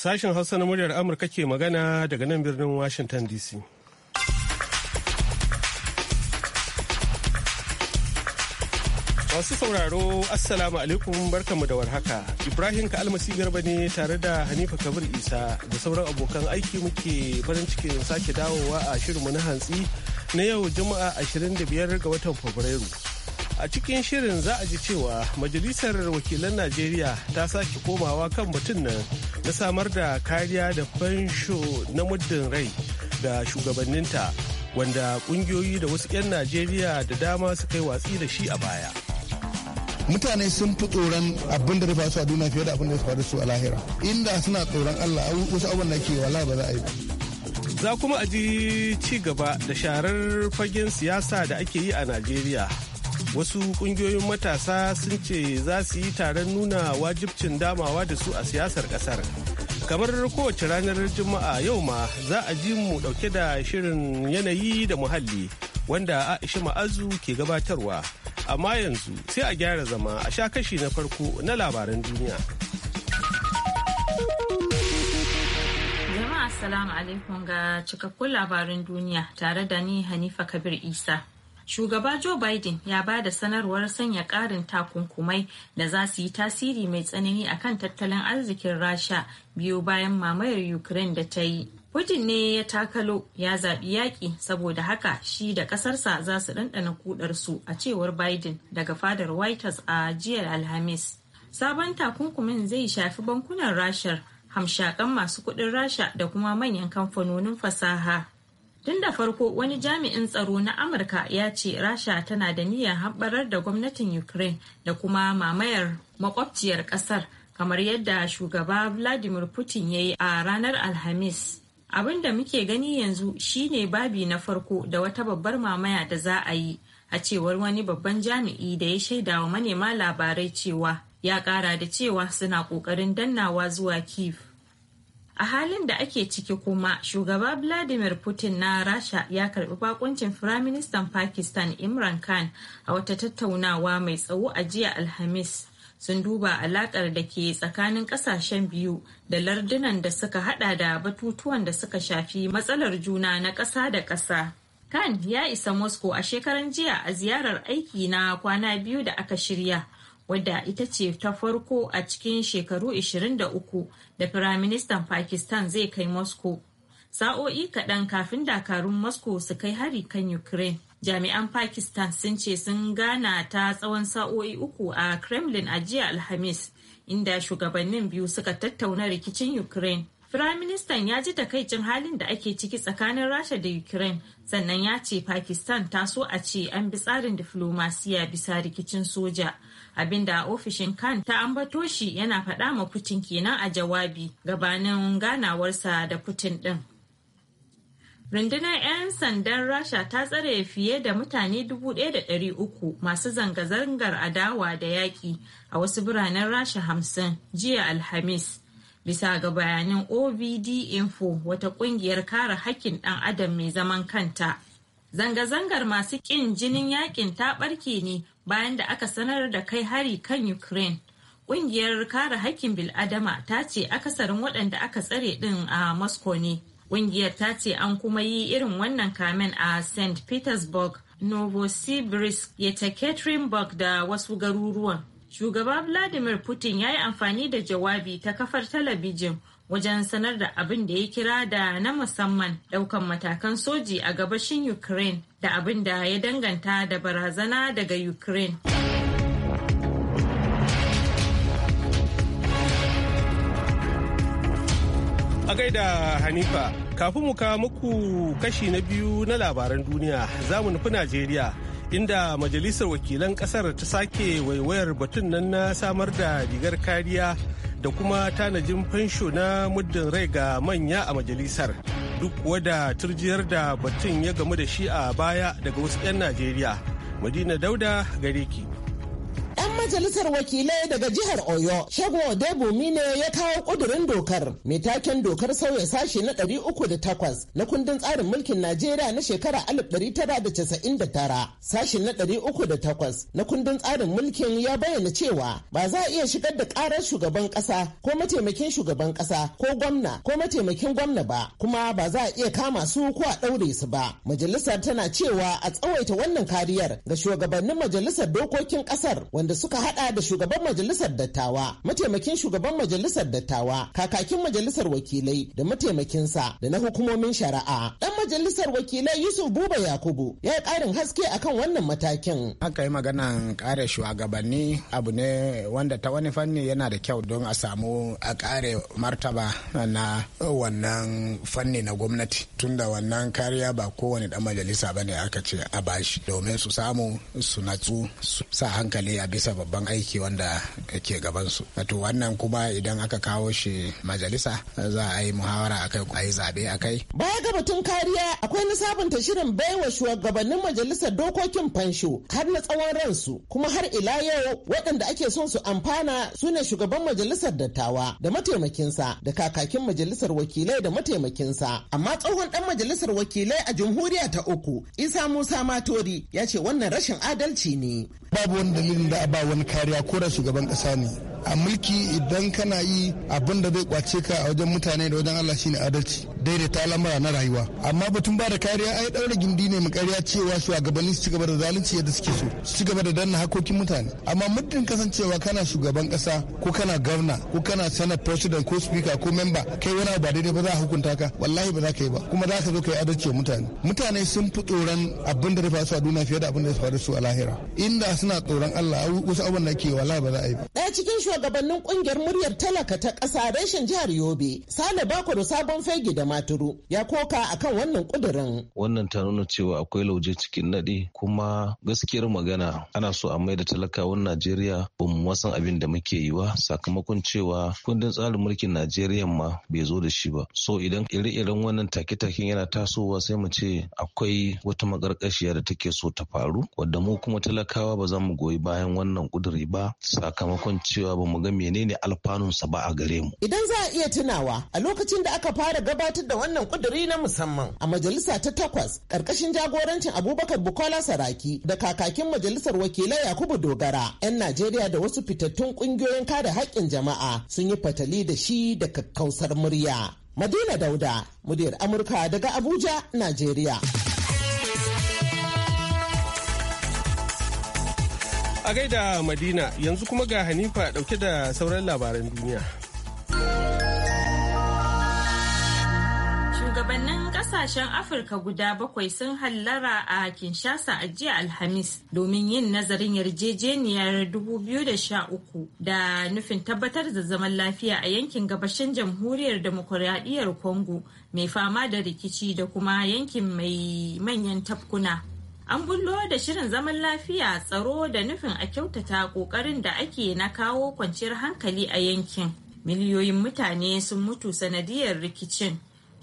Sashen Hausa na muryar Amurka ke magana daga nan birnin Washington DC. Masu sauraro, Assalamu alaikum mu da warhaka. Ibrahim Ka'almasi Garba ne tare da Hanifa Kabir Isa da sauran abokan aiki muke farin cikin sake dawowa a shirinmu na hantsi na yau Juma'a 25 ga watan Fabrairu. a cikin shirin za a ji cewa majalisar wakilan najeriya ta sake komawa kan batun nan na samar da kariya da fansho na muddin rai da shugabanninta wanda kungiyoyi da wasu 'yan najeriya da dama suka yi watsi da shi a baya mutane sun fi tsoron abin da ta faru a duniya fiye da abin da ya faru su a lahira inda suna tsoron allah wasu abin da ke wala ba za a yi ba za kuma a ji ci gaba da sharar fagen siyasa da ake yi a najeriya wasu kungiyoyin matasa sun ce za su yi taron nuna wajibcin damawa da su a siyasar kasar kamar kowace ranar juma'a yau ma za a ji mu dauke da shirin yanayi da muhalli wanda aisha ma'azu ke gabatarwa amma yanzu sai a gyara zama a sha kashi na farko na labaran duniya jama'a assalamu alaikum ga cikakkun labarin duniya tare da ni hanifa kabir isa shugaba joe biden ya ba da sanarwar sanya karin takunkumai da za su yi tasiri mai tsanani a kan tattalin arzikin rasha biyu bayan mamayar ukraine da ta yi putin ne ya takalo ya zaɓi yaƙi saboda haka shi da ƙasarsa za su ɗanɗana kudarsu a cewar biden daga fadar white house a jiyar alhamis sabon takunkumin zai shafi bankunan rashar hamshakan masu kuɗin rasha da kuma manyan kamfanonin fasaha Tun da farko wani jami'in tsaro na Amurka ya ce Rasha tana da niyyar haɓarar da gwamnatin Ukraine da kuma mamayar makwabciyar ƙasar kamar yadda shugaba Vladimir Putin ya yi a ranar Alhamis. Abin da muke gani yanzu shine babi na farko da wata babbar mamaya da za a yi a cewar wani babban jami'i da ya shaida wa manema labarai cewa ya ƙara da cewa suna ƙoƙarin dannawa zuwa Kiev. a halin da ake ciki kuma shugaba vladimir putin na rasha ya karbi bakuncin firaministan pakistan imran khan a wata tattaunawa mai tsawo a jiya alhamis sun duba alakar da ke tsakanin kasashen biyu da lardunan da suka hada da batutuwan da suka shafi matsalar juna na ƙasa da ƙasa khan ya isa moscow a shekaran jiya a ziyarar aiki na kwana biyu da aka shirya wadda ita ce ta farko a cikin shekaru 23 da firaministan pakistan zai kai moscow sa'o'i kaɗan kafin dakarun moscow su kai hari kan ukraine jami'an pakistan sun ce sun gana ta tsawon sa'o'i uku a kremlin a jiya alhamis inda shugabannin biyu suka tattauna rikicin ukraine Firaministan ya ji takaicin halin da ake ciki tsakanin Rasha da Ukraine sannan ya ce Pakistan ta so a ce an bi tsarin diflomasiya bisa rikicin soja abinda ofishin kan ta ambato shi yana faɗa ma putin kenan a jawabi gabanin ganawarsa da putin ɗin rundunar 'yan sandan rasha ta tsare fiye da mutane 1,300 masu zanga-zangar adawa da yaƙi a wasu biranen rasha hamsin jiya alhamis bisa ga bayanin ovd info wata kungiyar kare hakkin ɗan adam mai zaman kanta Zanga-zangar masu ƙin jinin yakin ta ɓarke ne bayan da aka sanar da kai hari kan Ukraine. Ƙungiyar kare haƙƙin bil'adama ta ce akasarin waɗanda aka tsare ɗin a Moscow ne. Ƙungiyar ta ce an kuma yi irin wannan kamen a St. Petersburg, Novosibirsk, Yekaterinburg da wasu garuruwan. Shugaba Vladimir Putin ya yi amfani da jawabi ta kafar talabijin wajen sanar da abin da ya kira da na musamman daukan matakan soji a gabashin ukraine da abin da ya danganta da barazana daga ukraine a gaida hanifa kafin mu kawo muku kashi na biyu na labaran duniya za mu nufi najeriya inda majalisar wakilan kasar ta sake waiwayar batun nan na samar da rigar kariya da kuma tanajin fansho na muddin rai ga manya a majalisar duk wada turjiyar da batun ya gamu da shi a baya daga wasu 'yan najeriya madina dauda gare ki Babban majalisar wakilai daga jihar Oyo, Shego Debumi ne ya kawo kudurin dokar. Mai taken dokar sauya sashe na 308 na kundin tsarin mulkin Najeriya na shekara 1999. Sashe na 308 na kundin tsarin mulkin ya bayyana cewa ba za a iya shigar da karar shugaban kasa ko mataimakin shugaban kasa ko gwamna ko mataimakin gwamna ba kuma ba za a iya kama su ko a daure su ba. Majalisar tana cewa a tsawaita wannan kariyar ga shugabannin majalisar dokokin kasar wanda suka suka hada da shugaban majalisar dattawa, mataimakin shugaban majalisar dattawa, kakakin majalisar wakilai da mataimakinsa da na hukumomin shari'a. Dan majalisar wakilai Yusuf Buba Yakubu ya yi karin haske akan wannan matakin. Haka yi magana kare shugabanni abu ne wanda ta wani fanni yana da kyau don a samu a kare martaba na wannan fanni na gwamnati tunda wannan kariya ba kowane dan majalisa bane aka ce a bashi domin su samu su natsu su sa hankali a bisa bisa babban aiki wanda ke gabansu wato wannan kuma idan aka kawo shi majalisa za a yi muhawara kai a yi zabe akai baya ga batun kariya akwai na sabunta shirin baiwa shugabannin majalisar dokokin fansho har na tsawon ransu kuma har ila yau waɗanda ake son su amfana su ne shugaban majalisar dattawa da mataimakinsa da kakakin majalisar wakilai da mataimakinsa amma tsohon ɗan majalisar wakilai a jamhuriya ta uku isa musa matori ya ce wannan rashin adalci ne babu wani dalilin da ba wani kariya ko da shugaban kasa ne a mulki idan kana yi abin da zai kwace ka a wajen mutane da wajen Allah shine adalci daidaita al'amura na rayuwa amma batun ba da kariya ai daura gindi ne mu kariya cewa shugabanni su cigaba da zalunci yadda suke so su cigaba da danna hakokin mutane amma muddin kasancewa kana shugaban kasa ko kana governor ko kana senate president ko speaker ko member kai wani ba daidai ba za a hukunta ka wallahi ba za ka yi ba kuma za ka zo ka yi adalci wa mutane mutane sun fi tsoron abin da zai faru a duniya fiye da abin da zai faru su a lahira inda suna tsoron Allah wasu abin da ke wallahi ba za a yi ba shugabannin kungiyar muryar talaka ta ƙasa reshen jihar Yobe, Sale Bakuru Sabon Fegi da Maturu ya koka akan wannan kudirin. Wannan ta nuna cewa akwai lauje cikin nadi. kuma gaskiyar magana ana so a mai da talakawan Najeriya ba mu wasan abin da muke yi ba sakamakon cewa kundin tsarin mulkin Najeriya ma bai zo da shi ba. So idan ire-iren wannan take-taken yana tasowa sai mu ce akwai wata makarkashiya da take so ta faru wadda mu kuma talakawa ba za mu goyi bayan wannan kuduri ba sakamakon cewa ba mu ga menene alfanunsa ba a gare mu. Idan za a iya tunawa a lokacin da aka fara gabatar da wannan kuduri na musamman a majalisa ta takwas karkashin jagorancin Abubakar Bukola Saraki da kakakin majalisar wakilai Yakubu Dogara 'yan Najeriya da wasu fitattun kungiyoyin kare haƙƙin jama'a sun yi fatali da shi da kakkausar murya. Madina Dauda, muryar Amurka daga Abuja, Najeriya. a gaida Madina yanzu kuma ga Hanifa dauke da sauran labaran duniya. Shugabannin kasashen Afirka guda bakwai sun hallara a Kinshasa a jiya Alhamis domin yin nazarin yarjejeniyar 2013 da nufin tabbatar da zaman lafiya a yankin gabashin jamhuriyar demokuraɗiyyar Congo mai fama da rikici da kuma yankin mai manyan tafkuna. an bullo da shirin zaman lafiya tsaro da nufin a kyautata kokarin da ake na kawo kwanciyar hankali a yankin miliyoyin mutane sun mutu sanadiyar rikicin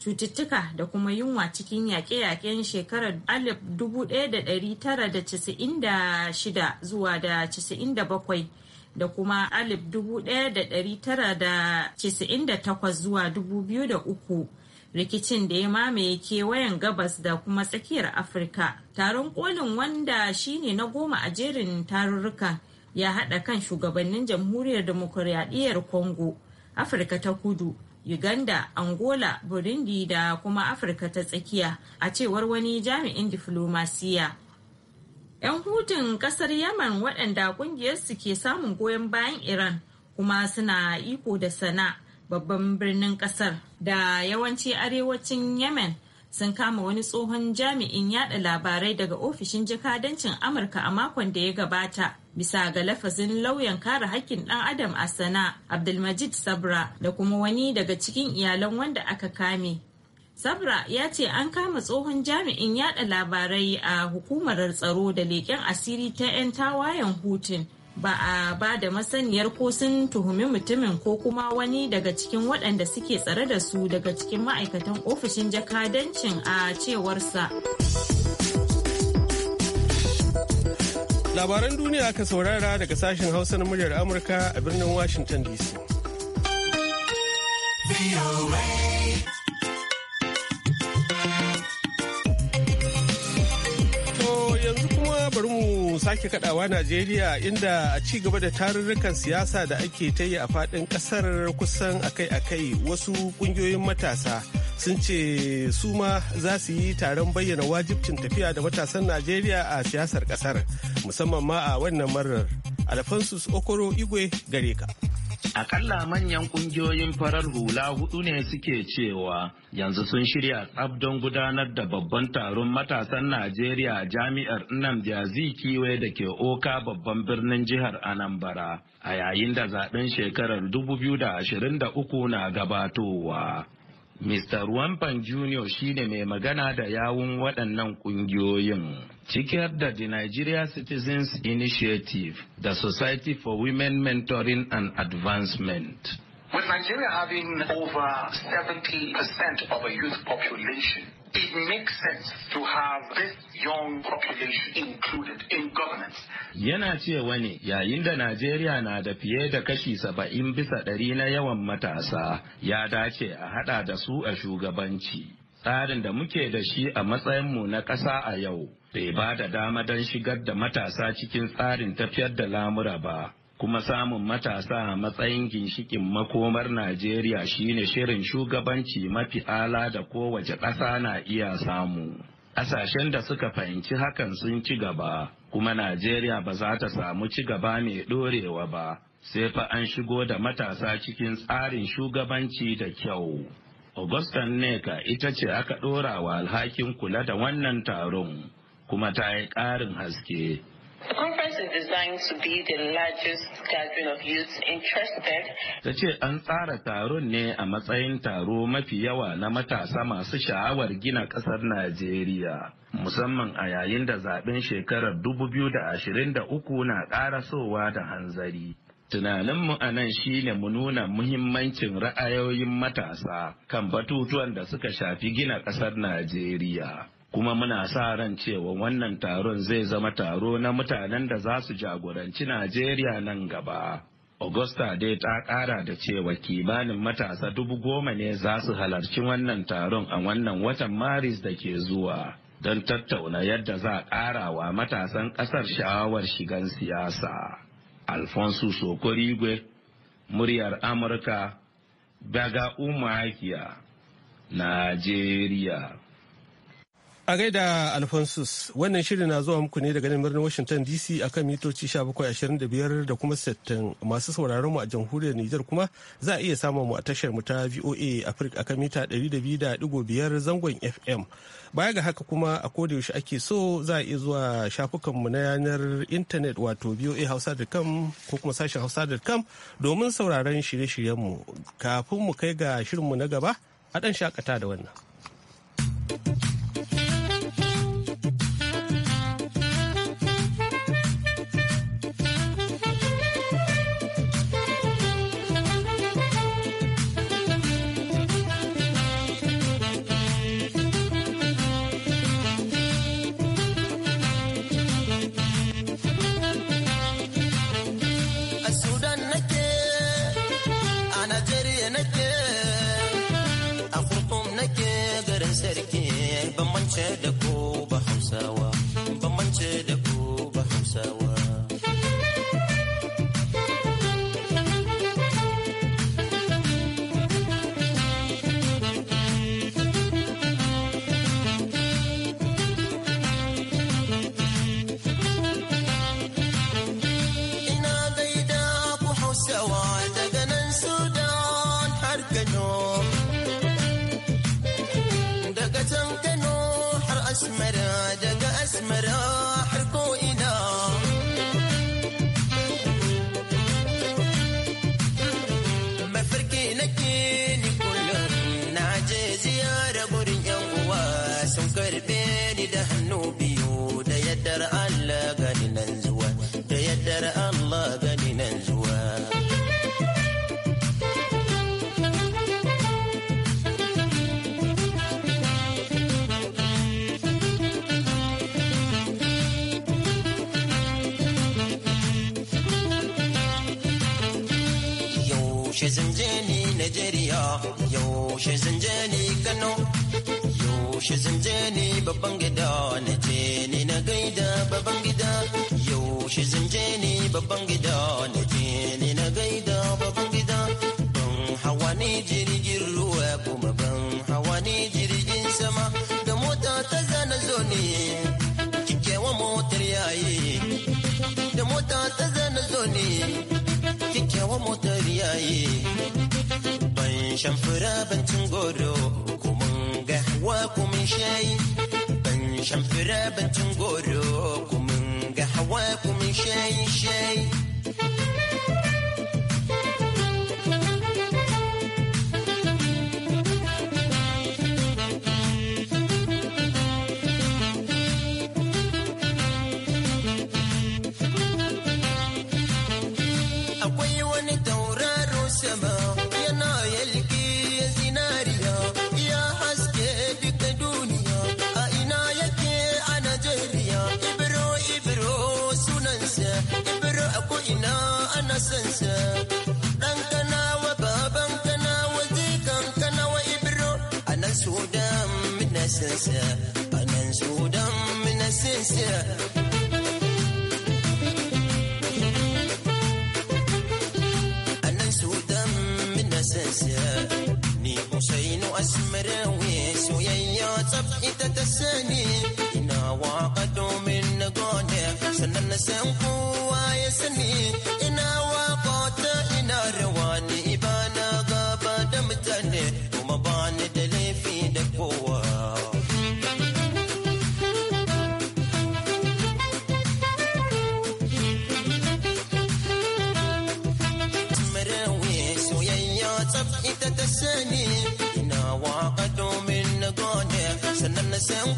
cututtuka da kuma yunwa cikin yaƙe-yaƙen shekarar 1996 zuwa da 97 da kuma 1998 zuwa 2003 rikicin da ya mamaye kewayen gabas da kuma tsakiyar afirka taron kolin wanda shine na goma a jerin tarurrukan ya haɗa kan shugabannin jamhuriyar demokuraɗiyyar congo afirka ta kudu uganda angola burundi da kuma afirka ta tsakiya a cewar wani jami'in diflomasiya 'yan hutun kasar yaman waɗanda ƙungiyarsu ke samun goyon bayan iran kuma suna iko da sana'a. babban birnin kasar da yawanci arewacin yemen sun kama wani tsohon jami'in yada labarai daga ofishin jakadancin amurka a makon da ya gabata bisa ga lafazin lauyan kare hakkin dan adam a sana abdulmajid sabra da kuma wani daga cikin iyalan wanda aka kame sabra ya ce an kama tsohon jami'in yada labarai a hukumar tsaro da leken asiri ta 'yan tawayen hutun ba a ba da masaniyar ko sun tuhumi mutumin ko kuma wani daga cikin waɗanda suke tsare da su daga cikin ma'aikatan ofishin jakadancin a cewarsa. Labaran duniya ka saurara daga sashen Hausa na muryar Amurka a birnin Washington DC. To yanzu kuma bari mu mu sake kadawa Najeriya inda a ci gaba da tarurrukan siyasa da ake ta yi a fadin kasar kusan akai-akai wasu ƙungiyoyin matasa sun ce su ma za su yi taron bayyana wajibcin tafiya da matasan Najeriya a siyasar kasar musamman ma a wannan marar. Alphonsus Okoro Igwe gare ka. Akalla manyan kungiyoyin farar hula hudu ne suke cewa yanzu sun shirya tsab don gudanar da babban taron matasan Najeriya jami'ar Nnamdi Azikiwe da ke Oka babban birnin jihar Anambra a yayin da zaɓen shekarar 2023 na gabatowa. Mr. Ruwanfan Junior shine mai magana da yawun waɗannan ƙungiyoyin. Chikiat da the Nigeria Citizens Initiative, the Society for Women Mentoring and Advancement. With Nigeria having over 70% of a youth population, it makes sense to have this young population included in governance. Yana cewa wani yayin da Najeriya na da fiye da kashi saba'in bisa ɗari na yawan matasa ya dace a hada da su a shugabanci. tsarin da muke da shi a matsayin mu na ƙasa a yau bai ba da dama don shigar da matasa cikin tsarin tafiyar da lamura ba kuma samun matasa a matsayin ginshikin makomar najeriya shine shirin shugabanci mafi ala da kowace ƙasa na iya samu ƙasashen da suka fahimci hakan sun ci gaba kuma najeriya ba za ta samu ci gaba mai ɗorewa ba sai fa an shigo da matasa cikin tsarin shugabanci da kyau Augustan Neka ita ce aka ɗora wa alhakin kula da wannan taron kuma ta yi ƙarin haske. The conference is designed Ta ce an tsara taron ne a matsayin taro mafi yawa na matasa masu sha'awar gina ƙasar Najeriya. Musamman a yayin da zaɓen shekarar 2023 na ƙara sowa da hanzari. Tunaninmu a nan shi ne mu nuna muhimmancin ra'ayoyin matasa kan batutuwan da suka shafi gina ƙasar Najeriya. Kuma muna sa ran cewa wannan taron zai zama taro na mutanen da za su jagoranci Najeriya nan gaba. Augusta dai ta ƙara da cewa kimanin matasa dubu goma ne za su halarci wannan taron a wannan watan Maris da ke zuwa. Don tattauna yadda za a ƙara wa matasan ƙasar sha'awar shigan siyasa. alfonso sokorigwe muryar amurka daga umahiya najeriya a gaida alphonsus wannan shirin na zuwa muku ne daga nan birnin washington dc akan mitoci 1725 da kuma 60 masu sauraron mu a jamhuriyar niger kuma za a iya samun mu a tashar mu ta voa africa akan mita 200.5 zangon fm baya ga haka kuma a yaushe ake so za a iya zuwa shafukanmu na yanar intanet wato voahausa.com ko kuma sashen hausa.com domin sauraron shirye-shiryenmu kafin mu kai ga shirinmu na gaba a ɗan shakata da wannan. zanje ni babban gida na je ni na gaida babban gida yaushe zanje ni babban gida na je ni na gaida babban gida ban hawa ni jirgin ruwa kuma ban hawa ni jirgin sama da mota ta zana zo ni kikewa motar yayi da mota ta zana zo ni kikewa motar yayi ban shan fura ban cin goro gahwa ko min shayi ban shan fura ban tungoro ko min gahwa ko shayi shayi yeah. Say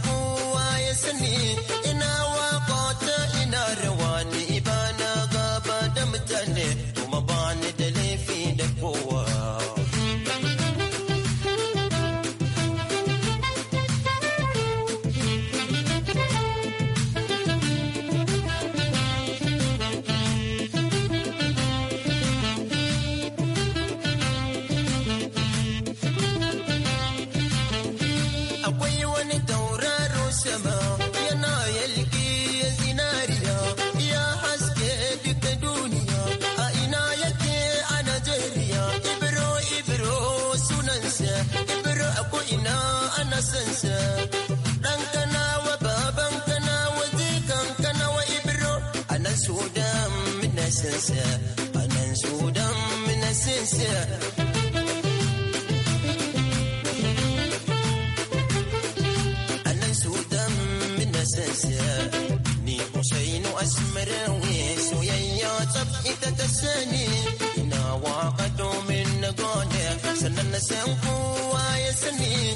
ننسى أنا نسودا من السنسة أنا نسودا من السنسة ني حسين أسمر ويسويا تبقي تتساني إنا واقع من نقاله سنن سنقوا يسني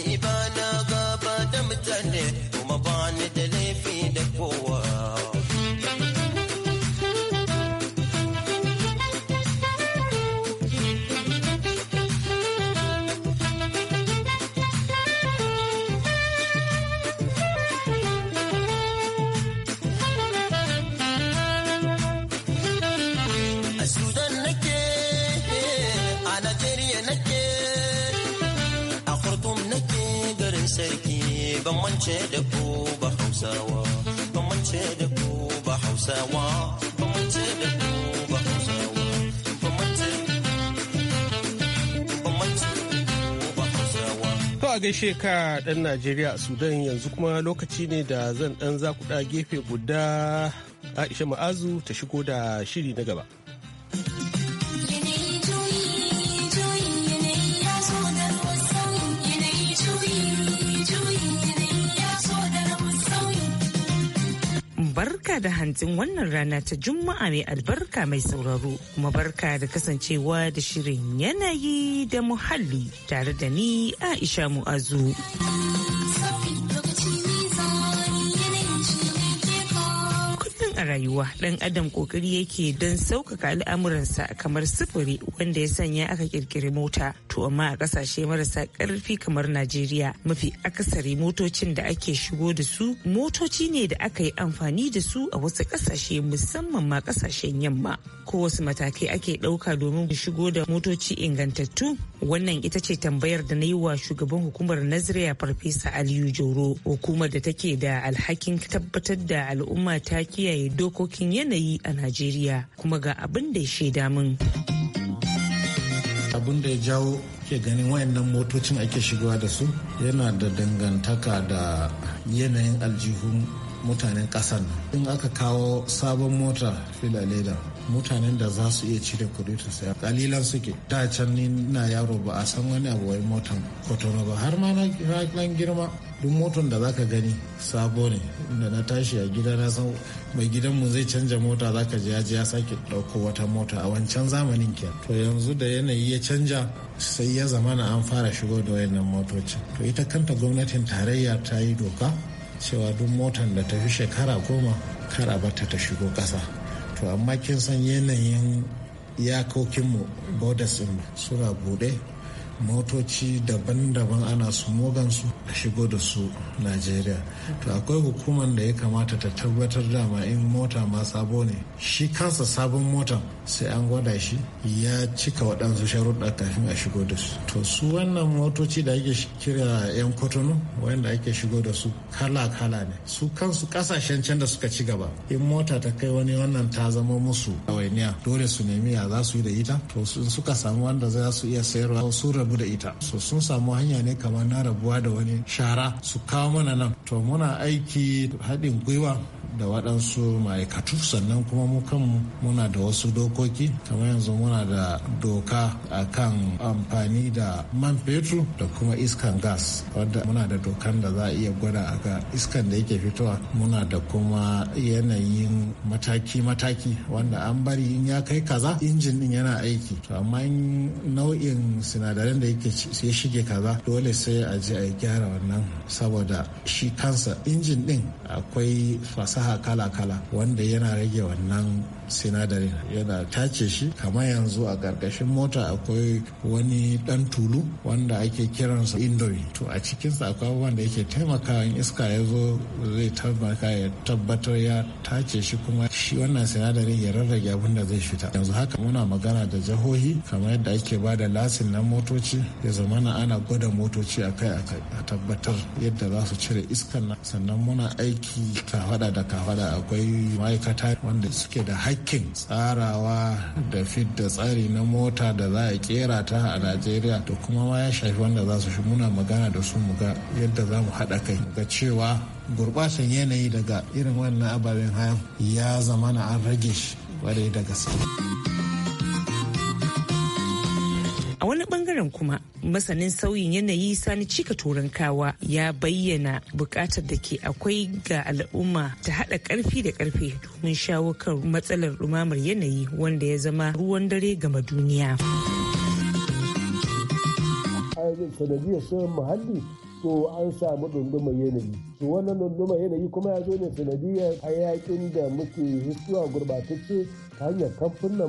ban mance da ku ba hausawa ban mance da ku ba hausawa ban mance da ku ba hausawa ban mance ban mance ba hausawa to a gaishe ka dan Najeriya a Sudan yanzu kuma lokaci ne da zan dan zakuda gefe guda Aisha Ma'azu ta shigo da shiri na gaba. da hantsin wannan rana ta Juma'a mai albarka mai sauraro kuma barka da kasancewa da shirin yanayi da muhalli tare da ni Aisha Mu'azu. a rayuwa dan adam kokari yake don sauƙaƙa al'amuransa kamar sufuri wanda ya sanya aka kirkiri mota to amma a ƙasashe marasa ƙarfi kamar najeriya mafi akasari motocin da ake shigo da su motoci ne da aka yi amfani da su a wasu ƙasashe musamman ma ƙasashen yamma ko wasu matakai ake ɗauka domin shigo da motoci ingantattu wannan ita ce tambayar da na yi wa shugaban hukumar nazariya farfesa aliyu joro hukumar da take da alhakin tabbatar da al'umma ta kiyaye dokokin yanayi a Najeriya kuma ga abin da ya shaida min. Abin da ya jawo ke ganin wayannan motocin ake shigowa da su yana da dangantaka da yanayin aljihun mutanen ƙasar in aka kawo sabon mota fila leda mutanen da za su iya cire kuɗi su saya kalilan suke da can ni na yaro ba a san wani abu wai motan kotono ba har ma na girma duk motan da zaka gani sabo ne da na tashi a gida na san mai gidanmu zai canja mota zaka je ya ya sake ɗauko wata mota a wancan zamanin ke to yanzu da yanayi ya canja sai ya zama na an fara shigo da wayannan motoci to ita kanta gwamnatin tarayya ta yi doka cewa duk motan da ta fi shekara goma kar a bata ta shigo ƙasa to amma kin san yanayin iyakokinmu borders suna bude motoci daban-daban ana su mogan su a shigo da su najeriya to akwai hukumar da ya kamata ta tabbatar dama in mota ma sabo ne shi kansa sabon motan sai an gwada shi ya cika waɗansu sharuɗa kafin a shigo da su to su wannan motoci da ake kira 'yan kotonu wanda ake shigo da su kala-kala ne su kansu kasashen can da suka ci gaba in mota ta kai wani wannan ta zama musu dawainiya dole su nemi ya za su yi da ita to suka samu wanda za su iya sayarwa su rabu da ita so sun samu hanya ne kamar na rabuwa da wani shara su kawo mana nan to muna aiki haɗin gwiwa da waɗansu ma'aikatu sannan kuma mu kan muna da wasu dokoki kamar yanzu muna da doka a kan amfani da man fetur da kuma iskan gas wadda muna da dokan da za a iya gwada a ga iskan da yake fitowa muna da kuma yanayin mataki-mataki wanda an bari in ya kai kaza injin din yana aiki to amma nau'in sinadaran da yake ya shige kaza dole sai a je a gyara wannan saboda shi kansa injin din akwai fasa fasaha kala-kala wanda yana rage wannan sinadarin yana tace shi kamar yanzu a ƙarƙashin mota akwai wani ɗan tulu wanda ake kiransa indomi to a cikinsa akwai abubuwan da yake taimakawa in iska ya zo zai taimaka ya tabbatar ya tace shi kuma shi wannan sinadarin ya rarrage abin da zai fita yanzu haka muna magana da jihohi kamar yadda ake ba da lasin na motoci ya zama na ana gwada motoci akai-akai a tabbatar yadda za su cire iskan nan sannan muna aiki kafada da kafada akwai ma'aikata wanda suke da haƙƙi hakkin tsarawa da fidda tsari na mota da za a kera ta a najeriya da kuma ma ya shafi wanda za su shi muna magana da su mu yadda za mu haɗa kai ga cewa gurbatan yanayi daga irin wannan ababen hayan ya zama na an rage shi kwarai da gaske. ɓangaren kuma masanin sauyin yanayi sani cika turankawa ya bayyana buƙatar da ke akwai ga al'umma ta haɗa ƙarfi da ƙarfe domin shawo kan matsalar ɗumamar yanayi wanda ya zama ruwan dare gama duniya. muhalli to an samu ɗungumar yanayi to wannan ɗungumar yanayi kuma ya zo ne sanadiyar hayakin da muke hisuwa gurbatacce ta hanyar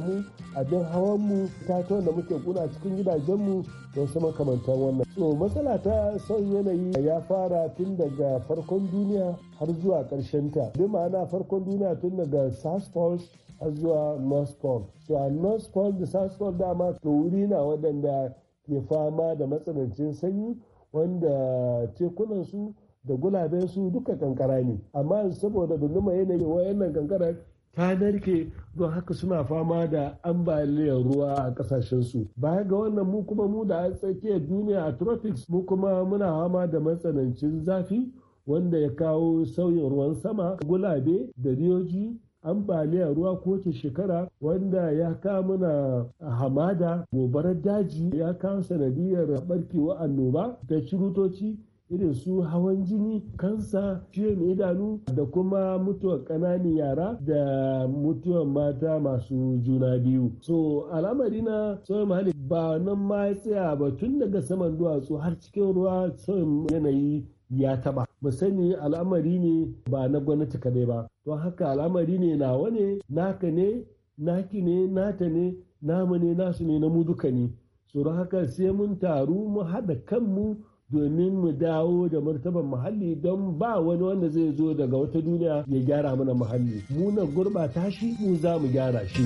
mu abin hawanmu ta da muke kuna cikin gidajen mu don su makamantan wannan. So matsala ta son yanayi ya fara tun daga farkon duniya har zuwa karshen ta. Bi ma'ana farkon duniya tun daga South Pole har zuwa North Pole. So a North da South Pole dama to wuri na waɗanda ke fama da matsanancin sanyi wanda tekunansu da gulabensu duka kankara ne. Amma saboda dunduma yanayi wayannan kankara ta narke don haka suna fama da ambaliyar ruwa a kasashensu baya ga wannan mu kuma mu da tsakiyar duniya a tropics mu kuma muna fama da matsanancin zafi wanda ya kawo sauyin ruwan sama gulabe da riyoji ambaliyar ruwa kotun shekara wanda ya kawo muna hamada gobarar daji ya kawo sanadiyar barkewa annoba da cirutoci irin su hawan jini kansa ciwon idanu da kuma mutuwar ƙananan yara da mutuwar mata masu juna biyu so al'amari na sauyin muhalli ba nan ma ya tsaya ba tun daga saman duwatsu har cikin ruwa sauyin yanayi ya taba mu sani al'amari ne ba na gwamnati kadai ba don haka al'amari ne nawa ne naka ne naki ne nata ne namu ne nasu ne na mu duka ne so haka sai mun taru mu haɗa kanmu domin mu dawo da martaban muhalli don ba wani wanda zai zo daga wata duniya ya gyara mana muhalli mu na gurɓata shi mu za mu gyara shi.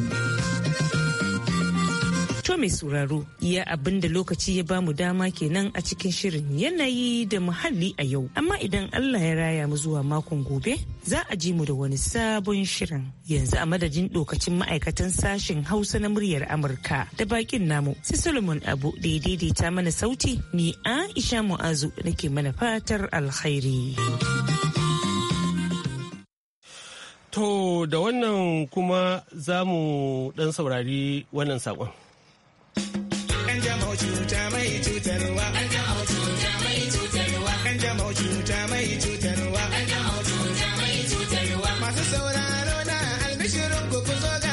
mai sauraro iya abin da lokaci ya bamu dama kenan a cikin shirin yanayi da muhalli a yau. Amma idan Allah ya raya mu zuwa makon gobe za a ji mu da wani sabon shirin. Yanzu a madadin dokacin ma'aikatan sashen Hausa na muryar Amurka da bakin namu. Sai Solomon Abu da ya daidaita mana sauti ni Aisha Mu'azu nake mana fatar alkhairi. To da wannan kuma za mu ɗan saurari wannan saƙon. Kanjamau cuta mai cuta mai cutarwa. Kanjamau cutarwa. Masu sauraro na albishirin ku ku zo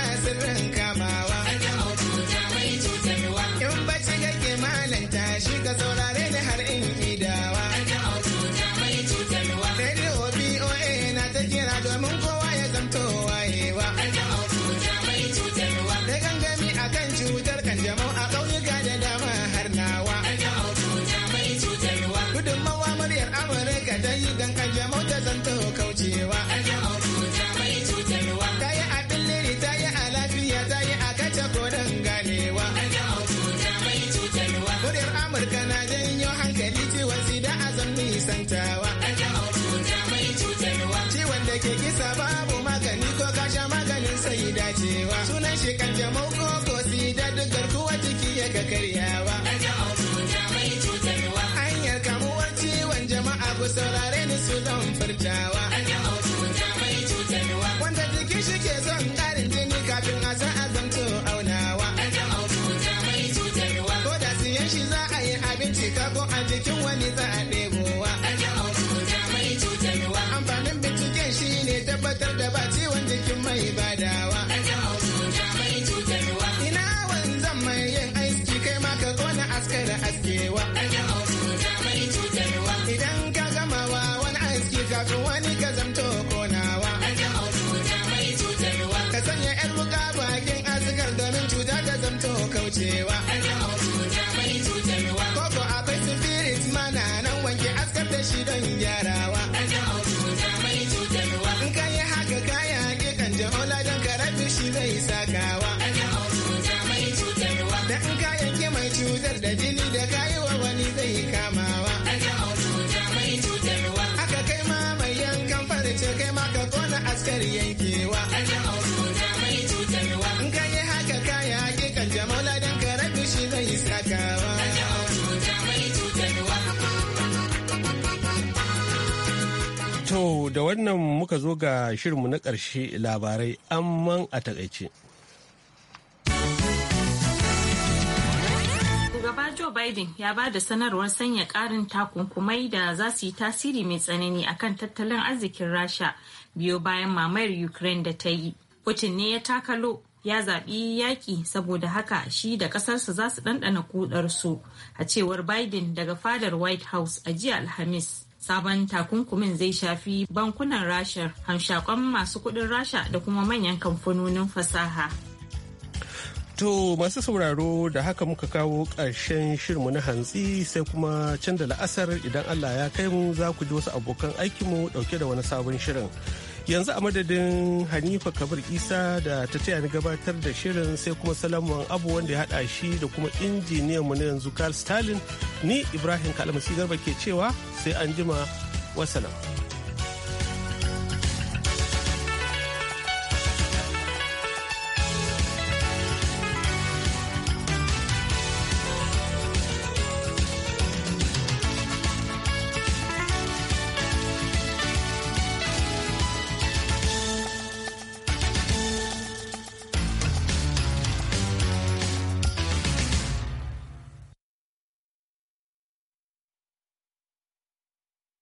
sa babu magani ko kasha maganin sai dacewa sunan shi kan jamau ko ko si da duk kuwa jiki ya ga karyawa hanyar kamuwar ciwon jama'a ku saurare ni su zan furtawa kaucewa wannan muka zo ga shirinmu na ƙarshe labarai amman a takaice. Shugaba Joe Biden ya ba da sanarwar sanya ƙarin takunkumai da za su yi tasiri mai tsanani akan tattalin arzikin Rasha biyo bayan mamayar Ukraine da ta yi. Putin ne ya takalo ya zaɓi yaƙi saboda haka shi da ƙasarsa za su ɗanɗana kudarsu a cewar Biden daga fadar White House a jiya Alhamis. sabon takunkumin zai shafi bankunan rasha hamshakon masu kudin rasha da kuma manyan kamfanonin fasaha To masu sauraro da haka muka kawo ƙarshen shirmu na hantsi sai kuma can da la'asar idan Allah ya kai mu za ku ji wasu abokan aikinmu ɗauke da wani sabon shirin. yanzu a madadin hanifa kabir isa da ta taya ni gabatar da shirin sai kuma salamun abu wanda ya hada shi da kuma injiniyan mu na yanzu karl stalin ni ibrahim kalmasi garba ke cewa sai an jima wasalam